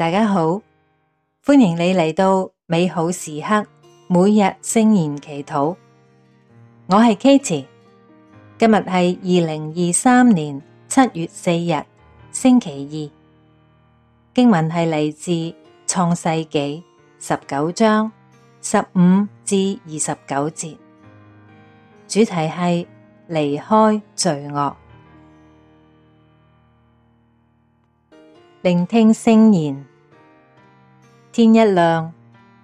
大家好，歡迎你嚟到美好時刻，每日聖言祈禱。我係 Katie，今日係二零二三年七月四日星期二。經文係嚟自創世紀十九章十五至二十九節，主題係離開罪惡。聆聽聖言。天一亮，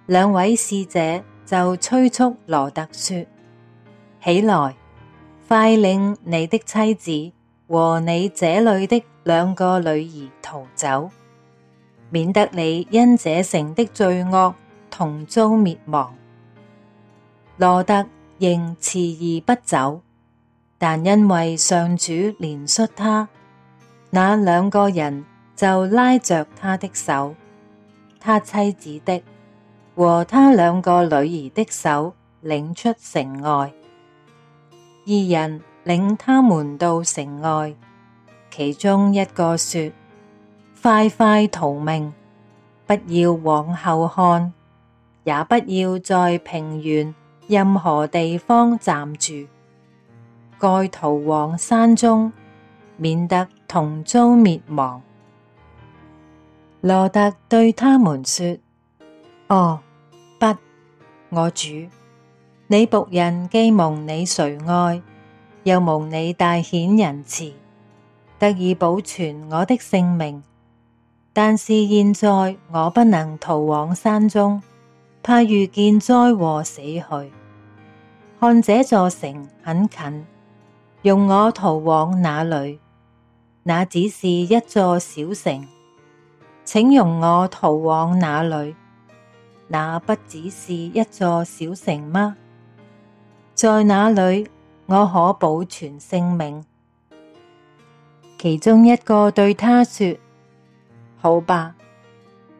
兩位使者就催促羅特說：起來，快領你的妻子和你這裏的兩個女兒逃走，免得你因這城的罪惡同遭滅亡。羅特仍遲疑不走，但因為上主憐恤他，那兩個人就拉着他的手。他妻子的和他兩個女兒的手領出城外，二人領他們到城外。其中一個說：快快逃命，不要往後看，也不要在平原任何地方站住，該逃往山中，免得同遭滅亡。羅特對他們說：哦，不，我主！你僕人既蒙你垂愛，又蒙你大顯仁慈，得以保存我的性命。但是現在我不能逃往山中，怕遇見災禍死去。看這座城很近，容我逃往那裏。那只是一座小城。請容我逃往那裡？那不只是一座小城嗎？在那裡我可保存性命？其中一個對他說：好吧，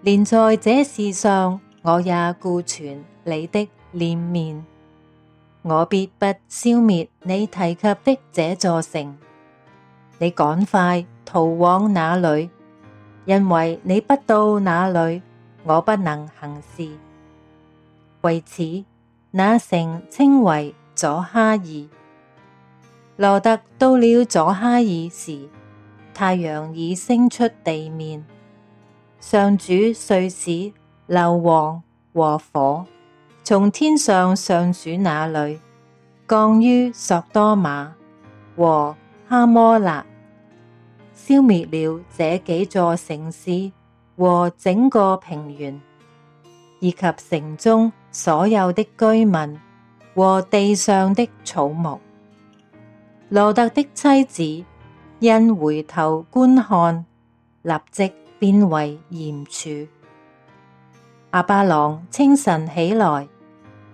連在這事上我也顧全你的臉面，我必不消滅你提及的這座城。你趕快逃往那裡。因為你不到那裏，我不能行事。為此，那城稱為左哈爾。羅特到了左哈爾時，太陽已升出地面。上主遂使硫磺和火，從天上上主那裏降於索多瑪和哈摩辣。消滅了這幾座城市和整個平原，以及城中所有的居民和地上的草木。羅特的妻子因回頭觀看，立即變為鹽柱。亞巴郎清晨起來，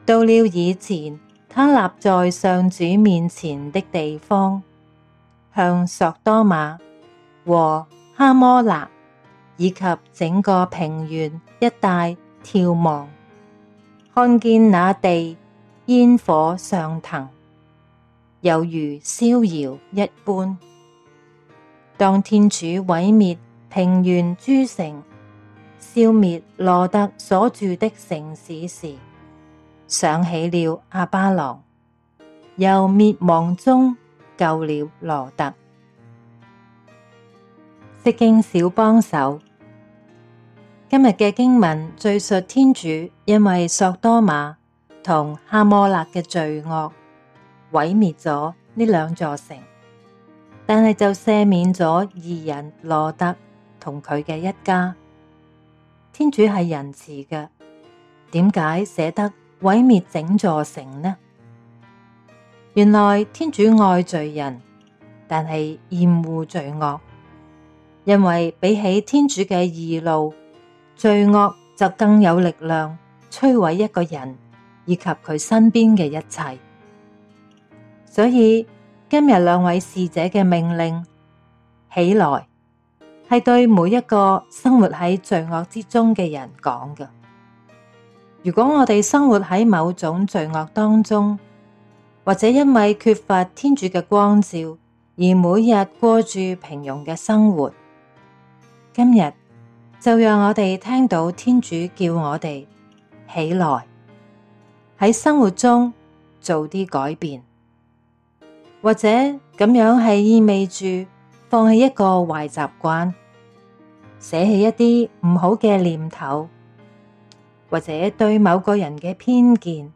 到了以前他立在上主面前的地方，向索多瑪。和哈摩辣，以及整個平原一帶眺望，看見那地煙火上騰，猶如燒窯一般。當天主毀滅平原諸城，消滅羅特所住的城市時，想起了阿巴郎，由滅亡中救了羅特。釋經小幫手，今日嘅經文敘述天主因為索多瑪同哈摩辣嘅罪惡，毀滅咗呢兩座城，但係就赦免咗義人羅特同佢嘅一家。天主係仁慈嘅，點解捨得毀滅整座城呢？原來天主愛罪人，但係厭惡罪惡。因為比起天主嘅義怒，罪惡就更有力量摧毀一個人以及佢身邊嘅一切。所以今日兩位使者嘅命令起來，係對每一個生活喺罪惡之中嘅人講嘅。如果我哋生活喺某種罪惡當中，或者因為缺乏天主嘅光照，而每日過住平庸嘅生活。今日就讓我哋聽到天主叫我哋起來，喺生活中做啲改變，或者咁樣係意味住放棄一個壞習慣，捨棄一啲唔好嘅念頭，或者對某個人嘅偏見，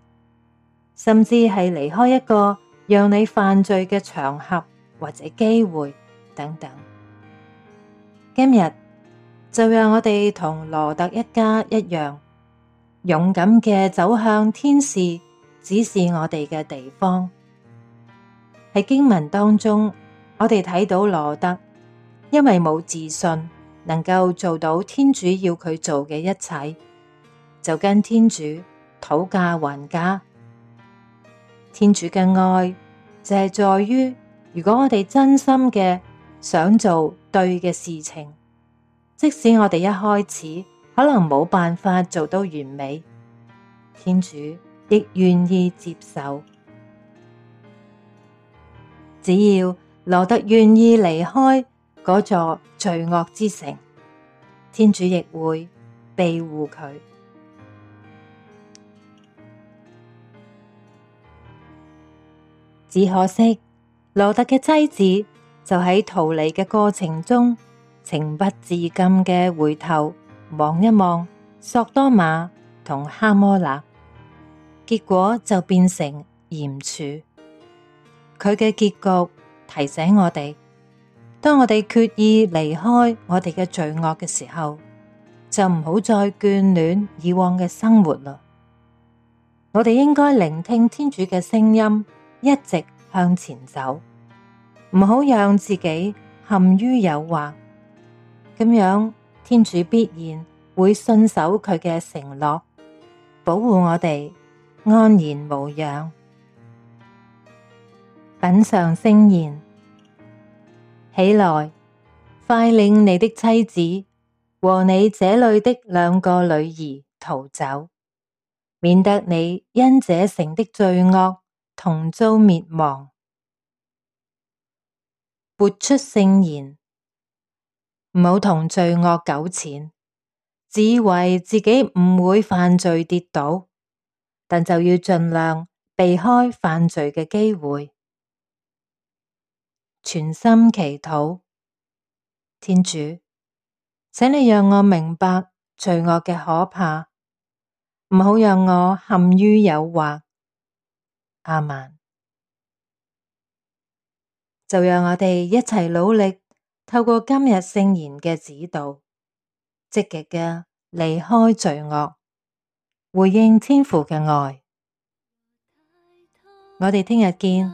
甚至係離開一個讓你犯罪嘅場合或者機會等等。今日。就讓我哋同羅特一家一樣勇敢嘅走向天使指示我哋嘅地方。喺經文當中，我哋睇到羅特因為冇自信能夠做到天主要佢做嘅一切，就跟天主討價還價。天主嘅愛就係在於，如果我哋真心嘅想做對嘅事情。即使我哋一開始可能冇辦法做到完美，天主亦願意接受。只要羅特願意離開嗰座罪惡之城，天主亦會庇護佢。只可惜，羅特嘅妻子就喺逃離嘅過程中，情不自禁嘅回頭望一望，索多瑪同哈摩辣，結果就變成鹽柱。佢嘅結局提醒我哋，當我哋決意離開我哋嘅罪惡嘅時候，就唔好再眷戀以往嘅生活啦。我哋應該聆聽天主嘅聲音，一直向前走，唔好讓自己陷於誘惑。咁樣，天主必然會信守佢嘅承諾，保護我哋安然無恙。品嘗聖言，起來，快領你的妻子和你這裏的兩個女兒逃走，免得你因這城的罪惡同遭滅亡。活出聖言。唔好同罪惡糾纏，自以為自己唔會犯罪跌倒，但就要盡量避開犯罪嘅機會。全心祈禱，天主，請你讓我明白罪惡嘅可怕，唔好讓我陷於誘惑。阿們，就讓我哋一齊努力。透過今日聖言嘅指導，積極嘅離開罪惡，回應天父嘅愛。我哋聽日見。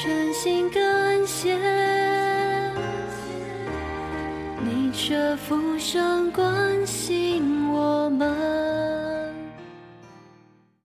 全心感謝你，卻俯身關心我們。